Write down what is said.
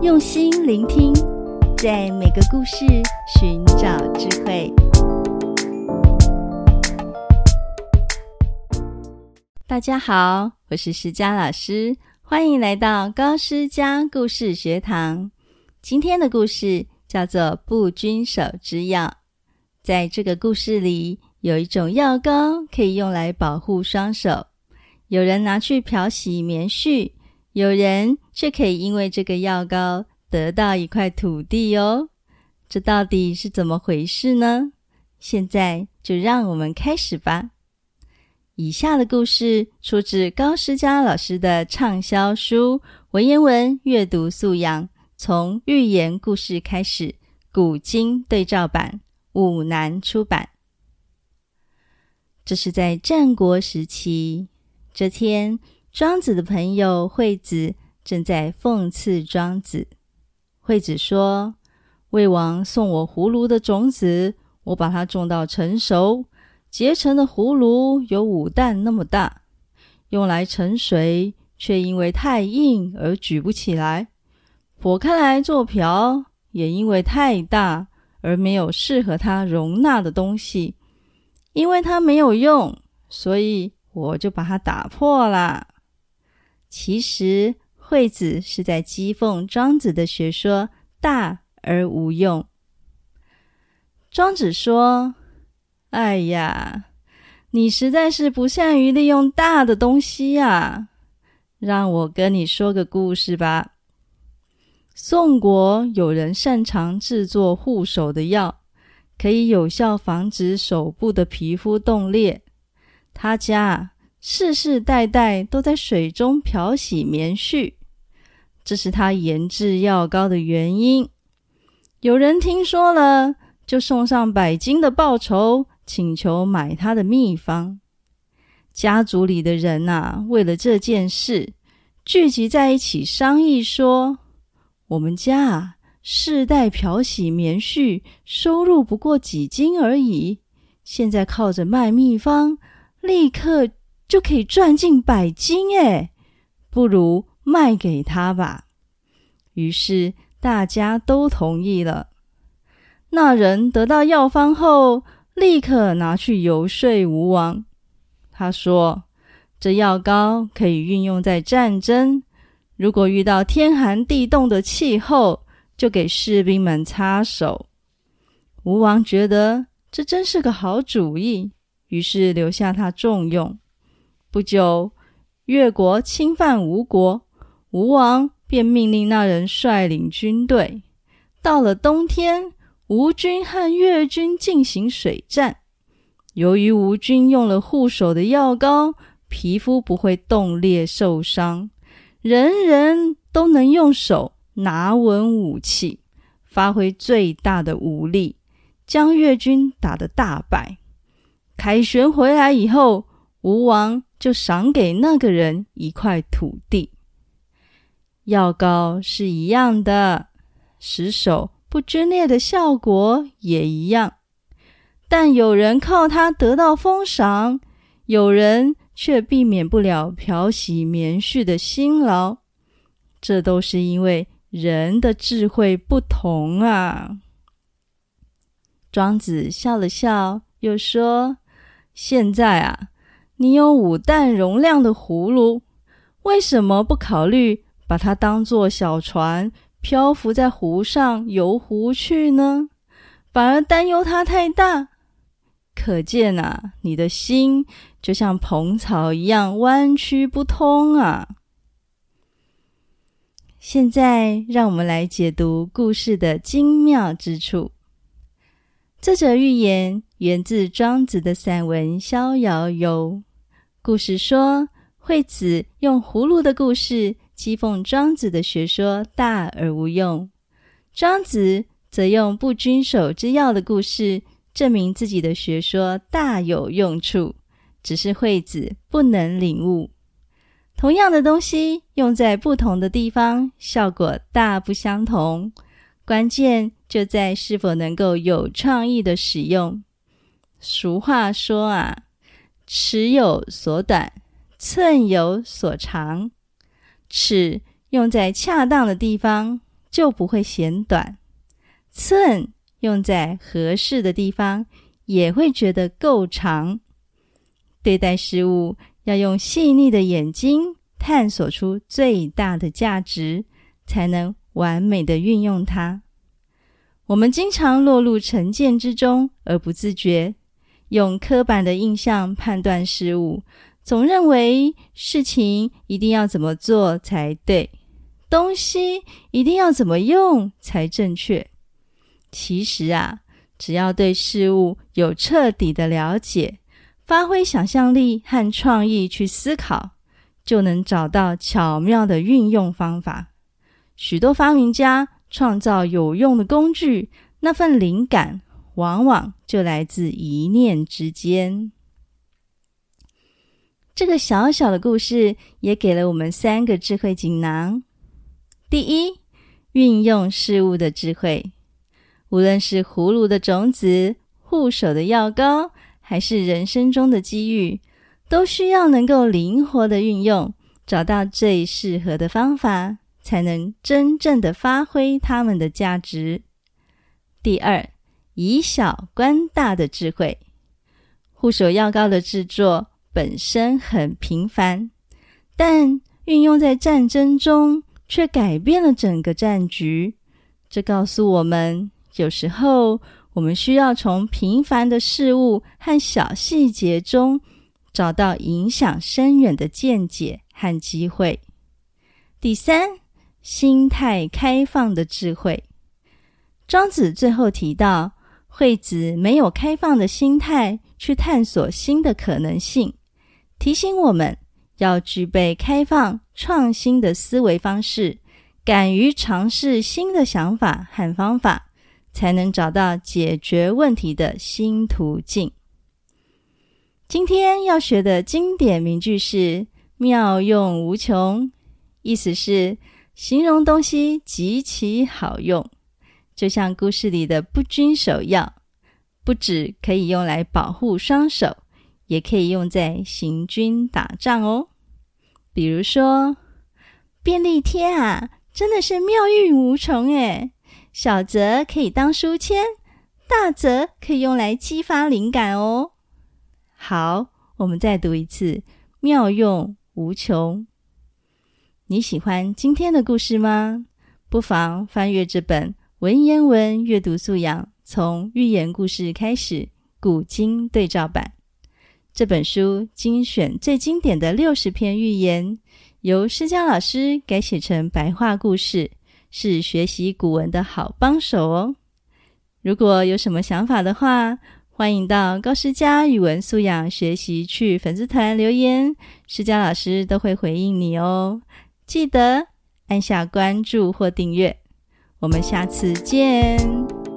用心聆聽，在每個故事尋找智慧。大家好，我是詩佳老師，歡迎來到高詩佳故事學堂。今天的故事叫做《不龜手之藥》。在這個故事裡，有一種藥膏可以用來保護雙手。有人拿去漂洗棉絮。有人卻可以因為這個藥膏得到一塊土地哦，這到底是怎麼回事呢？現在就讓我們開始吧。以下的故事出自高詩佳老師的暢銷書《文言文閱讀素養：從寓言故事開始》，古今對照版，五南出版。這是在戰國時期，這天。莊子的朋友惠子正在諷刺莊子。惠子說：“魏王送我葫蘆的種子，我把它種到成熟，結成的葫蘆有五擔那麼大，用來盛水卻因為太硬而舉不起來；剖開來做瓢也因為太大而沒有適合它容納的東西，因為它沒有用，所以我就把它打破啦。”其實惠子是在譏諷莊子的學說大而無用。莊子說：“哎呀，你實在是不善於利用大的東西呀、啊！讓我跟你說個故事吧。宋國有人擅長製作護手的藥，可以有效防止手部的皮膚凍裂。他家。”世世代代都在水中漂洗棉絮，這是他研製藥膏的原因。有人聽說了，就送上百金的報酬，請求買他的秘方。家族裡的人吶、啊，為了這件事，聚集在一起商議說：“我們家啊，世代漂洗棉絮，收入不過幾金而已。現在靠着賣秘方，立刻。”就可以賺進百金哎，不如賣給他吧。於是大家都同意了。那人得到藥方後，立刻拿去遊說吳王。他說：“這藥膏可以運用在戰爭，如果遇到天寒地凍的氣候，就給士兵們擦手。”吳王覺得這真是個好主意，於是留下他重用。不久，越國侵犯吳國，吳王便命令那人率領軍隊。到了冬天，吳軍和越軍進行水戰。由於吳軍用了護手的藥膏，皮膚不會凍裂受傷，人人都能用手拿穩武器，發揮最大的武力，將越軍打得大敗。凱旋回來以後，吳王就賞給那個人一塊土地，藥膏是一樣的，使手不皲裂的效果也一樣，但有人靠它得到封賞，有人卻避免不了漂洗棉絮的辛勞，這都是因為人的智慧不同啊。莊子笑了笑，又說：“現在啊。”你有五石容量的葫蘆，為什麼不考慮把它當做小船漂浮在湖上遊湖去呢？反而擔憂它太大。可見啊，你的心就像蓬草一樣彎曲不通啊。現在讓我們來解讀故事的精妙之處。這則寓言源自莊子的散文《逍遙遊》。故事說，惠子用葫蘆的故事譏諷莊子的學說大而無用；莊子則用不龜手之藥的故事證明自己的學說大有用處，只是惠子不能領悟。同樣的東西用在不同的地方，效果大不相同。關鍵就在是否能夠有創意的使用。俗話說啊。尺有所短，寸有所長。尺用在恰當的地方，就不會嫌短；寸用在合適的地方，也會覺得夠長。對待事物，要用細膩的眼睛探索出最大的價值，才能完美的運用它。我們經常落入成見之中而不自覺。用刻板的印象判斷事物，總認為事情一定要怎麼做才對，東西一定要怎麼用才正確。其實啊，只要對事物有徹底的了解，發揮想象力和創意去思考，就能找到巧妙的運用方法。許多發明家創造有用的工具，那份靈感，往往就來自一念之間。這個小小的故事也給了我們三個智慧錦囊：第一，運用事物的智慧，無論是葫蘆的種子、護手的藥膏，還是人生中的機遇，都需要能夠靈活的運用，找到最適合的方法，才能真正的發揮它們的價值。第二，以小觀大的智慧，護手藥膏的制作本身很平凡，但運用在戰爭中卻改變了整個戰局。這告訴我們，有時候我們需要從平凡的事物和小細節中，找到影響深遠的見解和機會。第三，心態開放的智慧，莊子最後提到，惠子沒有開放的心態去探索新的可能性，提醒我們要具備開放創新的思維方式，敢於嘗試新的想法和方法，才能找到解決問題的新途徑。今天要學的經典名句是“妙用無窮”，意思是形容東西極其好用。就像故事裡的不龜手之藥，不止可以用來保護雙手，也可以用在行軍打仗哦。比如說便利貼啊，真的是妙用無窮誒。小則可以當書籤，大則可以用來激發靈感哦。好，我們再讀一次，妙用無窮。你喜歡今天的故事嗎？不妨翻閱這本。文言文閱讀素養從寓言故事開始，古今對照版。這本書精選最經典的六十篇寓言，由詩佳老師改寫成白話故事，是學習古文的好幫手哦。如果有什麼想法的話，歡迎到高詩佳語文素養學習趣粉絲團留言，詩佳老師都會回應你哦。記得按下關注或訂閱。我們下次見。